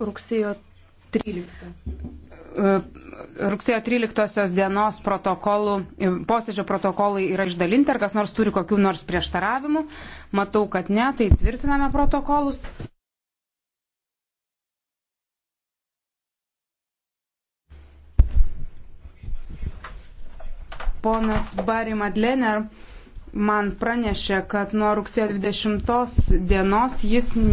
rugsėjo 13. Rugsėjo 13 dienos protokolų, posėdžio protokolai yra išdalinti, ar kas nors turi kokių nors prieštaravimų. Matau, kad ne, tai tvirtiname protokolus. Ponas Barry Madlener man pranešė, kad nuo rugsėjo 20 dienos jis ne.